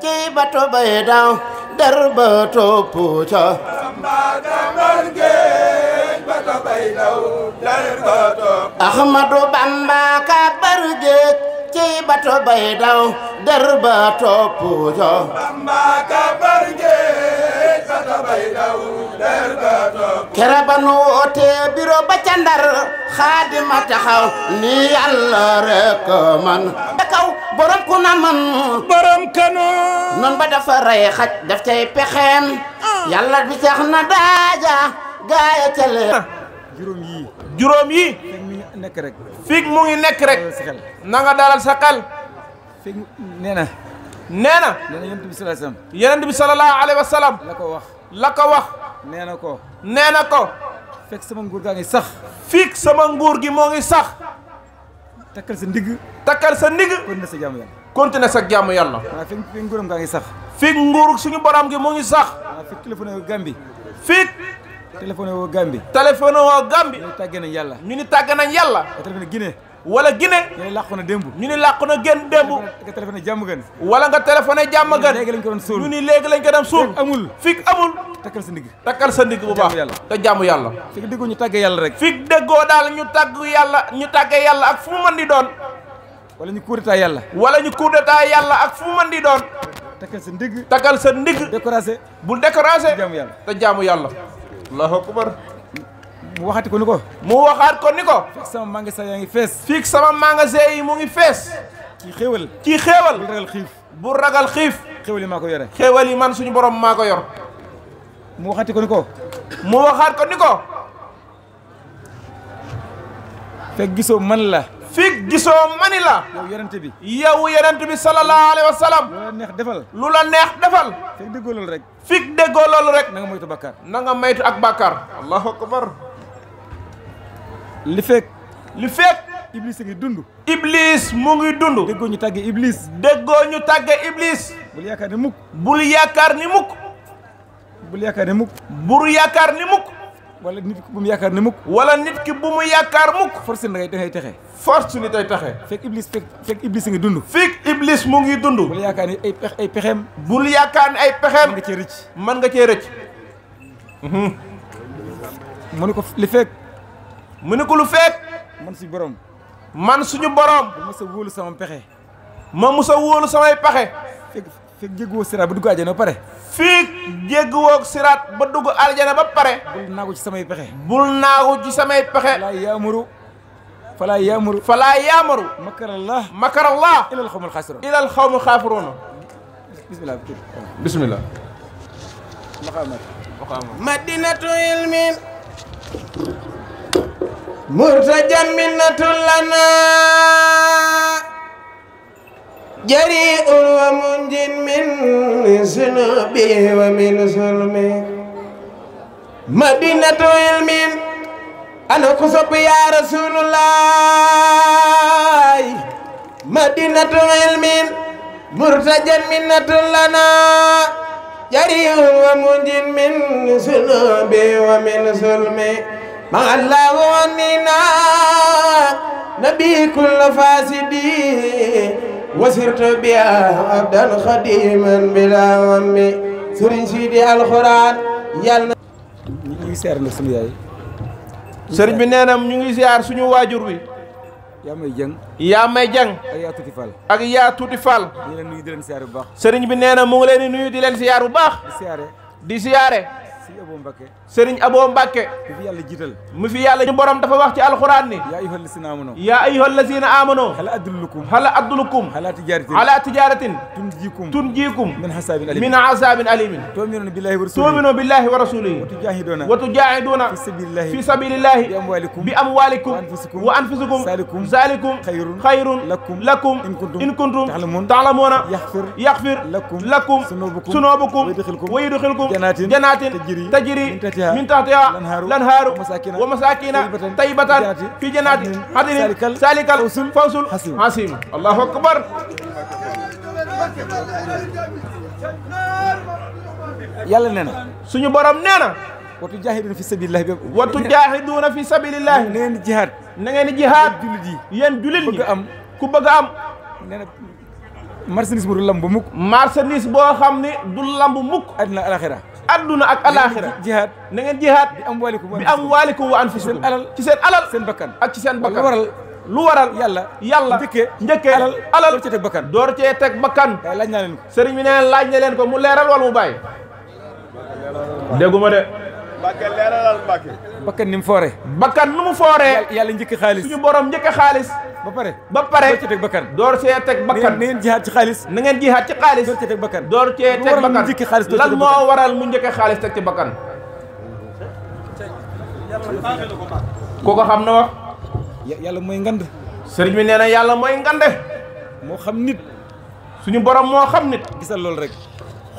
Speaker 2: ci bato bay daw der bato bay
Speaker 5: daw
Speaker 2: Bamba ka bar ci bato bay der ba topp ca samba gambar géej kere ba nu wootee ba ca ndar xaadima taxaw ni yàlla rek man da kaw borom ku na man borom kanu noon ba dafa rey xaj daf cay pexeem yàlla bi tax na daaja gaaya ca juróom yi juróom yi fig mu
Speaker 5: ngi nekk rek fig mu ngi nekk rek na nga dalal sa xel fig la ko wax Lakawah, nenako, wax fix semanggur ko nee fix ko fekk sama nguur gaa sax fiig sama nguur gi mo ngi sax takal sa ndig takal sa ndig kontina sa jamu yalla kontina sa jamu yalla fek fi nguuram sax fek nguuruk suñu borom gi mo ngi sax fek telephone Gambi fek telephone woo Gambi telephone woo Gambi ñu ni nañ ñu ni nañ wala Guinée. ñu ne làqu na démb. ñu ne làqu na génn démb. nga téléphoné jàmm gën. wala nga téléphoné jàmm gën. léegi lañ ko doon suul ñu ni léegi lañ ko doon suul. amul fik amul. takkal sa ndigg. takkal sa ndigg bu baax te jàmm yàlla. fik déggoo ñu tàggee yàlla rek. fik déggoo daal ñu tàggu yàlla ñu tàggee yàlla ak fu mu mën di doon. wala ñu coup d'état yàlla. wala ñu coup d'état yàlla ak fu mu mën di doon. takkal sa ndigg. takkal sa ndigg. découragé bul découragé. te jàmm yàlla. allahu akbar mu waxati ko ni ko. mu waxaat ko ni ko. fekk sama magasin yaa ngi fees. fekk sama magasin yi mu ngi fees. ci xéewal ci xéewal. bu ragal xiif bu ragal xiif. xéewal yi maa ko yore. xéewal yi man suñu borom maa ko yor. mu waxati ni ko. mu waxaat ko ni ko. fekk gisoo man la. fig gisoo mani la yow yonent bi yow yonent bi sallallahu alayhi wa lu la neex defal lu la neex defal fig déggoo loolu rek fig déggoo loolu rek na nga moytu na nga moytu ak bàkkaar allahu akbar li fekk li fekk Iblis a ngi dund. Iblis mu ngi dund. déggoo ñu tàgge Iblis. déggoo ñu tàgge Iblis. bul yaakaar ni mukk. bul yaakaar ni mukk. bul yaakaar ni mukk. bul yaakaar ni mukk. wala nit ki bu mu yaakaar ni mukk. wala nit ki bu mu yaakaar mukk. da ngay texe. force ni day texe. fekk Iblis fekk fekk Iblis a ngi dund. fekk Iblis mu ngi dund. bul yaakaar ni ay ay pexeem. bul yaakaar ni ay pexeem. nga cee rëcc. man nga cee rëcc. mu ne ko li fekk. mu ne ko lu fekk. man suñu borom. man suñu borom. ma mos a wóolu sama pexe. ma mos a wóolu samay pexe. fekk fekk jéggiwoo siraat ba dugg aljana ba pare. fekk jéggiwoo siraat ba dugg aljana ba pare. bul naagu ci samay pexe. bul naagu ci samay pexe. falaa yaamuru. falaa yaamuru. falaa yaamuru. makarallah. makarallah. ilal xawmul xaasiruun. ilal xawmul xaafiruun. bismillah. bismillah.
Speaker 2: madinatu ilmin. مرتجا منة لنا جريء ومنج من سنوبي ومن سلمي مدينة علم أنا كسب يا رسول الله مدينة علم مرتجا منة لنا جريء ومنج من
Speaker 5: سنوبي ومن سلمي مع الله
Speaker 2: ونينا
Speaker 3: نبي كل فاسدي وسرت بها عبدا خديما بلا ومي سرين سيدي القران
Speaker 5: يالنا ñi seer na suñu yaay sëriñ bi nee na ñu ngi ziar suñu waajur wi yaa may jëng yaa may jëng ak yaa tuuti fall ak yaa tuuti fall ñu leen nuyu di leen ziar bu baax sëriñ bi nee na mu ngi leen di nuyu di leen ziar bu baax di ziare di ziare سيرين ابو مبكه في يالا جيتال مفي يالا ني بوروم دا فا واخ سي القران ني يا ايها الذين امنوا يا ايها الذين امنوا هل ادلكم هل ادلكم على تجاره على تجاره تنجيكم تنجيكم من حساب اليم من عذاب اليم تؤمنون بالله ورسوله تؤمنون بالله ورسوله وتجاهدون وتجاهدون في سبيل الله في سبيل الله باموالكم باموالكم وانفسكم وانفسكم ذلكم ذلكم خير خير لكم لكم ان كنتم ان كنتم تعلمون تعلمون يغفر يغفر لكم لكم ذنوبكم ويدخلكم ويدخلكم جنات جنات تجري تجري من تحتها الانهار ومساكن طيبة في جنات عدن سالك الفوز حسيم الله أكبر yàlla nee na suñu borom nee na watu jaahiduna fi sabilillahi bi watu jaahiduna fi sabilillahi na ngeen di jihaad na ngeen di jihaad jullit yi yéen jullit ñi ku bëgg am ku bëgg am nee na marchandise bu du lamb mukk marchandise boo xam ne du lamb mukk adduna alaxira adduna ak alaxira jihaad na ngeen jihaad bi am waalikum bi am waalikum wa anfusikum seen alal ci seen alal seen bakkan ak ci seen bakkan waral lu waral yàlla yàlla njëkkee njëkkee alal alal door cee cee teg bakkan waaye laaj naa leen bi nee laaj na leen ko mu leeral wala mu bàyyi dégguma de Mbacke leeralal Mbacke. bakkan ni mu bakkan nu mu fooree. yàlla njëkk suñu borom njëkk xaalis. ba pare ba pare door cee teg bakkan. door cee teg bakkan na ngeen jihaat ci xaalis. na ngeen jihaat ci xaalis. door cee teg bakkan door cee teg bakkan lan moo waral mu ci bakkan. ko wax. Ya- ngand. bi ngande. xam nit. suñu borom xam nit. gisal rek.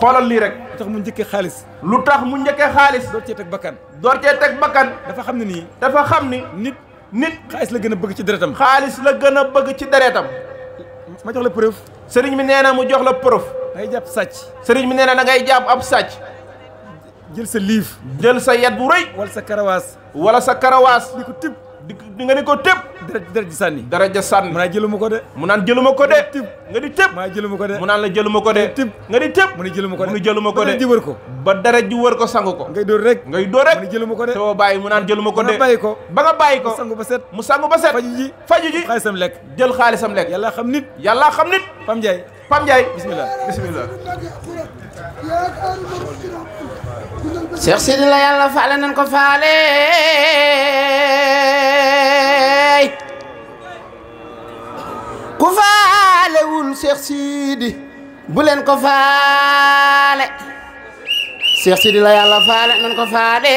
Speaker 5: xoolal lii rek lu tax mu njëkkee xaalis lu tax mu njëkkee xaalis door cee teg bakkan door cee teg bakkan dafa xam ne nii dafa xam ni nit nit xaalis la gën a bëgg ci deretam xaalis la gën a bëgg ci deretam ma jox la preuve sëriñ bi nee na mu jox la preuve da ngay jàpp sàcc sëriñ bi nee na da ngay jàpp ab sàcc jël sa liif jël sa yat bu rëy wala sa karawaas wala sa karawaas ni ko tëb di di nga ne ko tëb dara ji sànni dara ja sànni mu naan jëluma ko de mu naan jëluma ko de tëb nga di tëb ko de mu naan la jëluma ko de tëb nga di tëb mu ne jëluma ko de mu ne ko wër ko ba dara ji wër ko sang ko ngay dóor rek ngay dóor rek mu ne jëluma ko de soo bàyyi mu naan jëluma ko de bàyyi ko ba nga bàyyi ko mu sangu ba set mu sangu ba ji faju ji lekk jël xaalisam lekk yàlla xam nit yàlla xam nit Pam Ndiaye Pam Ndiaye
Speaker 2: bismillah bismillah Cheikh Sidi la yàlla faale nan ko faale ku faalewul Cheikh Sidi bu leen ko faale Cheikh Sidi la yàlla faale nan ko faale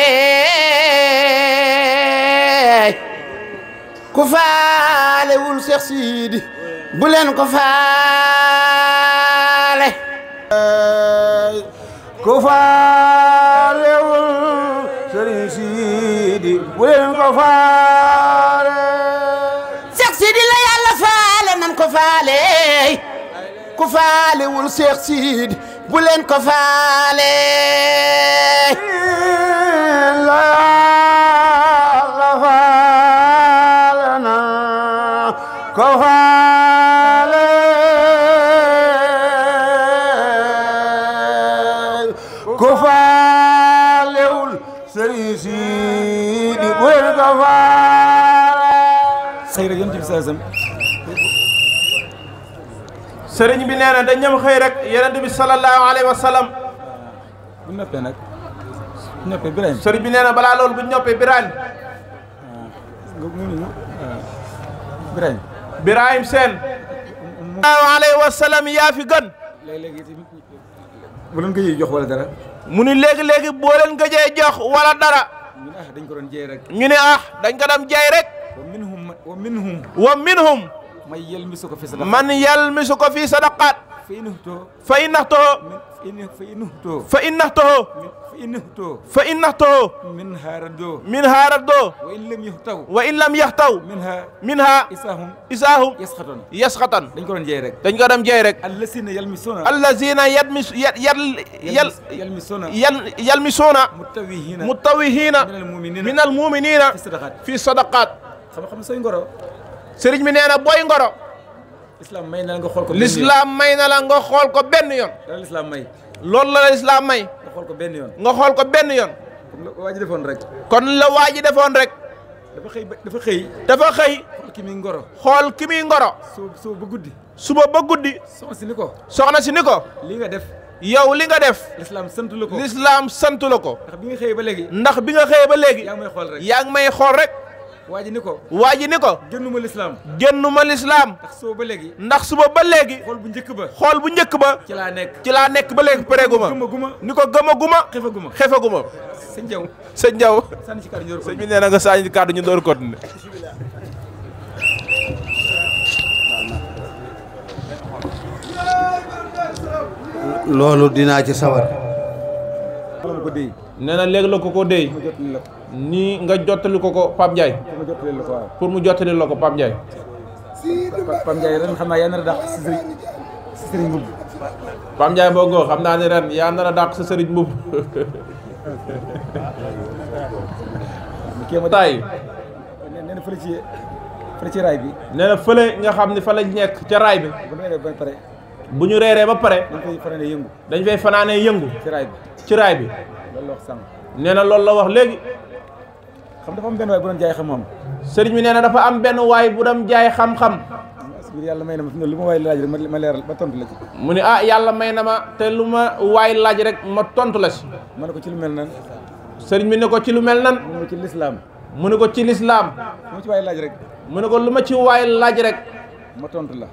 Speaker 2: ku faalewul Cheikh Sidi bu ko faale ku ko faale seex siidi la yàlla seex siidi bu leen ko faale la yàlla faale nan ku faalewul sëriñ si di wër ko faale
Speaker 5: bi saasam dañ ñam xëy rek yonent bi sallallahu alayhi wa bu noppee nag bu noppee Birahim bi bu alayhi wa fi bu leen gëjee jox wala dara. mu ni léegi léegi boo leen gëjee jox wala dara. ñu ne ah dañ ko doon jey rek. ñu ne ah dañ ko doon jey rek. wa minhum wa minhum. wa minhum. man yalmisu ko fi sadaqaat man yalmisu ko fi sadaqaat. fa in naxtoo. fa in naxtoo. fa in naxtoo. فإنهته فإنهته منها ردوا منها ردوا وإن لم يهتوا وإن لم يهتوا منها منها إساهم إساهم يسخطن يسخطن دنجرن جيرك دنجرن جيرك rek dañ ko الذين يلمسون الذين يلمس يل يل يلمسون يل يلمسون متوهين متوهين من المؤمنين من المؤمنين في الصدقات في الصدقات xam-xam say ngoro sëriñ mi nee na booy ngoro l'islam may na la nga xool ko l'islam may na la nga xool ko benn xool ko benn yoon. nga xool ko benn yoon. kon la waa ji defoon rek. kon la waa ji defoon rek. dafa xëy dafa xëy. dafa xëy. xool ki ngoro. xool ki ngoro.
Speaker 3: suba suba ba guddi.
Speaker 5: suba ba guddi. soxna si ni ko. soxna si ni ko. li nga def. yow li nga def. lislaam sant la ko. lislaam santu la ko. ndax bi nga xëyee ba léegi. ndax bi nga xëyee ba léegi. yaa may xool rek. yaa ngi may xool rek. waa ji ni ko waa ji ni ko génnuma lislaam génnuma lislaam ndax suba ba léegi ndax suba ba léegi xool bu njëkk ba xool bu njëkk ba ci laa nekk ci laa nekk ba léegi pareeguma guma ni ko gëmaguma xefaguma xefaguma sëñ Jaw sëñ Jaw sànni ci kàddu sëñ bi nee na nga sànni ci kàddu ñu door ko ne
Speaker 2: loolu dinaa ci sawar
Speaker 5: nee na léegi la ko ko déy nii nga jottali ko ko Pape Ndiaye. pour mu jottali ko Pape Ndiaye. Pape Ndiaye ren xam a dàq si sëriñ si sëriñ mbubb. Pape xam naa ne ren yaa nar a dàq si sëriñ mbubb. tay ci fële bi. nee na fële nga xam ne fa lañ nekk ca raay bi. bu ñu reeree ba pare. dañ fay fanaanee yëngu. dañ fay fanaanee yëngu. ci raay bi ci raay bi. la wax léegi. xam dafa am benn waay bu doon jaay xam-xam sëriñ bi nee na dafa am benn waay bu doon jaay xam-xam yàlla may na ma ma waay laaj rek ma leeral ma tontu la ci mu ni ah yàlla may na ma te lu ma waay laaj rek ma tontu la si ne ko ci lu mel nan sëriñ mi ne ko ci lu mel nan mu mu ne ko ci lislaam lu ma ci waay laaj rek mu ne ko lu ma ci waay laaj rek ma la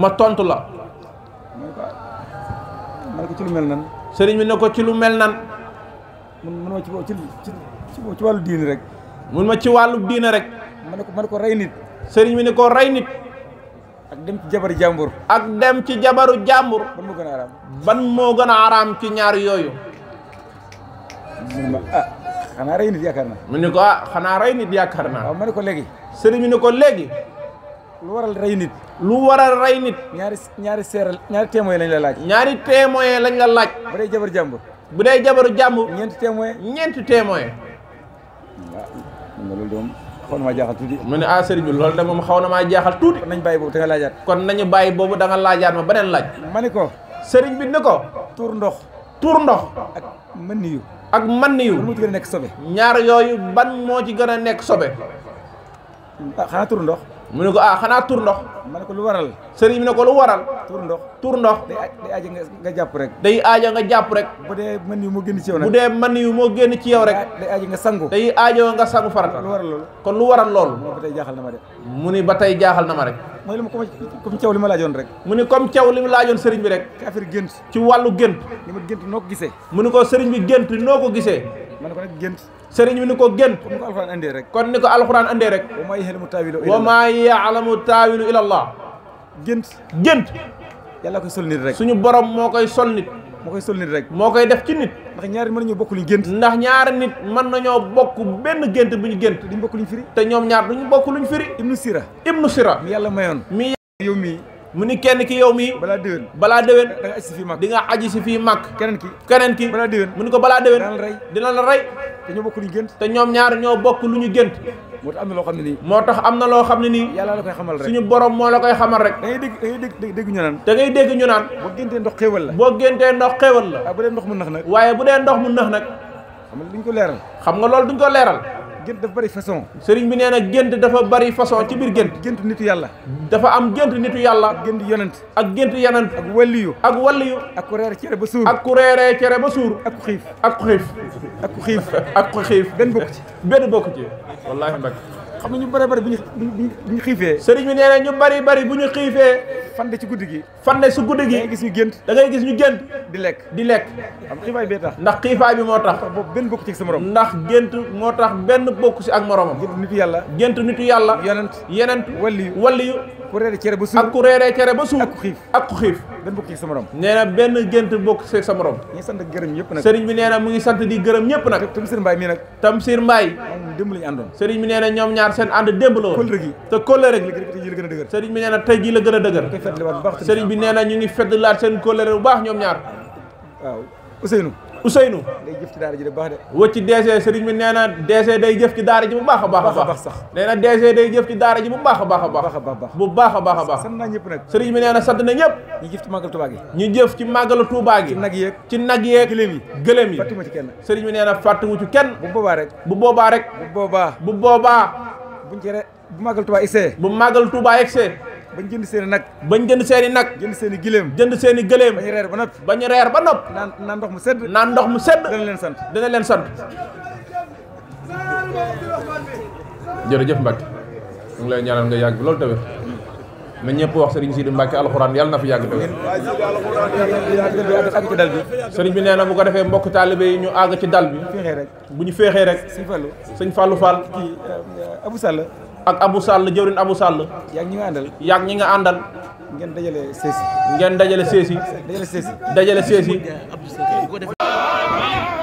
Speaker 5: ma tontu la ma ne ko ne ko ci lu mel nan sëriñ ne ko ci lu mel ci wàllu diini rek mun ma ci wàllu diine rek. ma ko ma ne ko rey nit. sëriñ bi ne ko rey nit. ak dem ci jabaru jàmbur. ak dem ci jabaru jàmbur. ban moo gën araam. moo gën a araam ci ñaari yooyu. mu ah xanaa rey nit yaakaar naa. mu ne ko ah xanaa rey nit naa. waaw ko léegi. sëriñ bi ne ko léegi. lu waral rey nit. lu waral rey nit. ñaari ñaari seeral ñaari témoin lañ la laaj. ñaari témoin lañ la laaj. bu dee jabaru jàmbur. bu dee jabaru jàmbur. ñeenti témoin ñeenti témoin. xam nga loolu de moom xaw na maa jaaxal tuuti mu ne ah sëriñ bi loolu de moom xaw na maa jaaxal tuuti kon nañ bàyyi boobu da nga laajaat kon nañu bàyyi boobu da nga laajaat ma beneen laaj ma ne ko sëriñ bi ne ko tuur ndox tuur ndox ak mën yu ak mën yu moo ci gën a nekk sobe ñaar yooyu ban moo ci gën a nekk sobe ah, xanaa tuur ndox mu ne ko ah xanaa tur ndox ma ne ko lu waral sëriñ bi ne ko lu waral tur ndox tur ndox day aaja nga jàpp rek day aaja nga jàpp rek bu dee mën yu moo génn ci yow bu dee mën yu moo génn ci yow rek day aaja nga sangu day nga sangu farata lu waral loolu kon lu waral loolu mu ne ba na ma de mu ni ba tey jaaxal na ma rek mooy li ma comme caw li ma laajoon rek mu ni comme caw li ma laajoon sëriñ bi rek ci gént ci wàllu gént li ma gént noo ko gisee mu ni ko sëriñ bi gént noo ko gisee ma ne ko nag sëriñ bi ni ko gént kon ni ko alxuraan andee rek kon ni ko alxuraan andee rek wa maa yaalamu taawilu ila allah gént gént yàlla koy sol nit rek suñu borom moo koy sol nit moo koy sol nit rek moo koy def ci nit ndax ñaari mën ñu bokk luñ gént ndax ñaari nit mën na nañoo bokk benn gént bu ñu gént duñ bokk luñ firi te ñoom ñaar duñu bokk luñ firi ibnu sira ibnu sira mi yàlla mayoon mi yow mi mu ni kenn ki yow mii balaa déwén balaa déwén da nga aji si fii mag di nga si fii mag keneen ki keneen ki balaa déwén mu ni ko balaa déwén dina la rey dina la rey te ñoo bokk lu ñu gënt te ñoom ñaar ñoo bokk lu ñu gént moo tax am na loo xam ne nii moo tax am na loo xam ne nii yàlla la koy xamal rek suñu moo la koy xamal rek da dégg da ngay dégg ñu naan da ngay dégg ñu naan boo géntee ndox xéewal la boo géntee ndox xéewal la waaye bu dee ndox mu nax nag waaye bu dee ndox mu nax nag xam nga duñ ko leeral xam nga loolu duñ ko leeral gént dafa bari façon sëriñ bi nee na gént dafa bari façon ci biir gént gént nitu yàlla dafa am gént nitu yàlla gént yonent ak gént yenent ak waliyu ak waliyu ak ku reere cere ba suur ak ku cere ba suur ak ku xiif ak ku xiif ku xiif ak ku xiif benn bokk ci benn bokk ci wallaahi mbag xam nga ñu bëri bëri bu ñu xiifee sëriñ bi nee na ñu bëri bëri bu ñu xiifee fande ci guddi gi fande su guddi gi da ngay gis ñu gént da gis ñu gént di lekk di lekk am xiifaay bee tax ndax xiifaay bi moo tax boobu benn bokk ci sa morom ndax gént moo tax benn bokk ci ak moromam gént nitu yàlla gént nitu yàlla yonent yonent walliyu walliyu ku reeree cere ba suur ak ku reeree ba suur ak ku ak ku xiif benn bokk ci sa morom nee na benn gént bokk ci sa morom ñu ngi sant gërëm ñëpp nag sëriñ bi nee na mu ngi sant di gërëm ñëpp nag Tamsir Mbaye mii nag Tamsir Mbaye démb la ñoom ñaar seen ànd démb la woon te kóllëre rek sëriñ bi nee na tey jii la gën a dëgër sëriñ bi nee na ñu ngi fedd laat seen kóllëre bu baax ñoom ñaar waaw Ousseynou Ousseynou wëcc DG sëriñ bi nee na DG day jëf ci daara ji bu baax a baax a baax sax nee na DG bu baax a baax baax bu baax baax baax na ñëpp nag na sant na ñëpp ñu jëf ci màggalu Touba gi ñu jëf ci màggalu Touba gi ci nag yeeg ci nag yeeg gëléem yi gëléem yi fàttuwu ci kenn sëriñ bi nee na bu boobaa rek bu boobaa rek bu boobaa buñ bu màggal Touba egsee. bu màggal Touba egsee. bañ jënd seeni nag. bañ jënd seen i nag. jënd seeni i gileem. jënd seeni i gëleem. bañ reer ba nopp. bañ reer ba nopp. naan naan ndox mu sedd. naan ndox mu sedd. dana leen sant dana leen sant. jërëjëf Mbacke. mu ngi nga yàgg loolu tamit. na ñëpp wax sëriñ Sidi Mbacke alxuraan yàlla na fi yàgg tawér ak ci dal bi sëriñ bi nee na bu ko defee mbokk taalibe yi ñu àgg ci dal bi féexee rek bu ñu féexee rek sëñ Fallou sëñ Fallou Fall kii Abou ak abu Sall jëwrin Abou sàll yaag ñi nga àndal yaag ñi nga àndal ngeen dajale seesi ngeen dajale seesi dajale
Speaker 2: seesi dajale seesi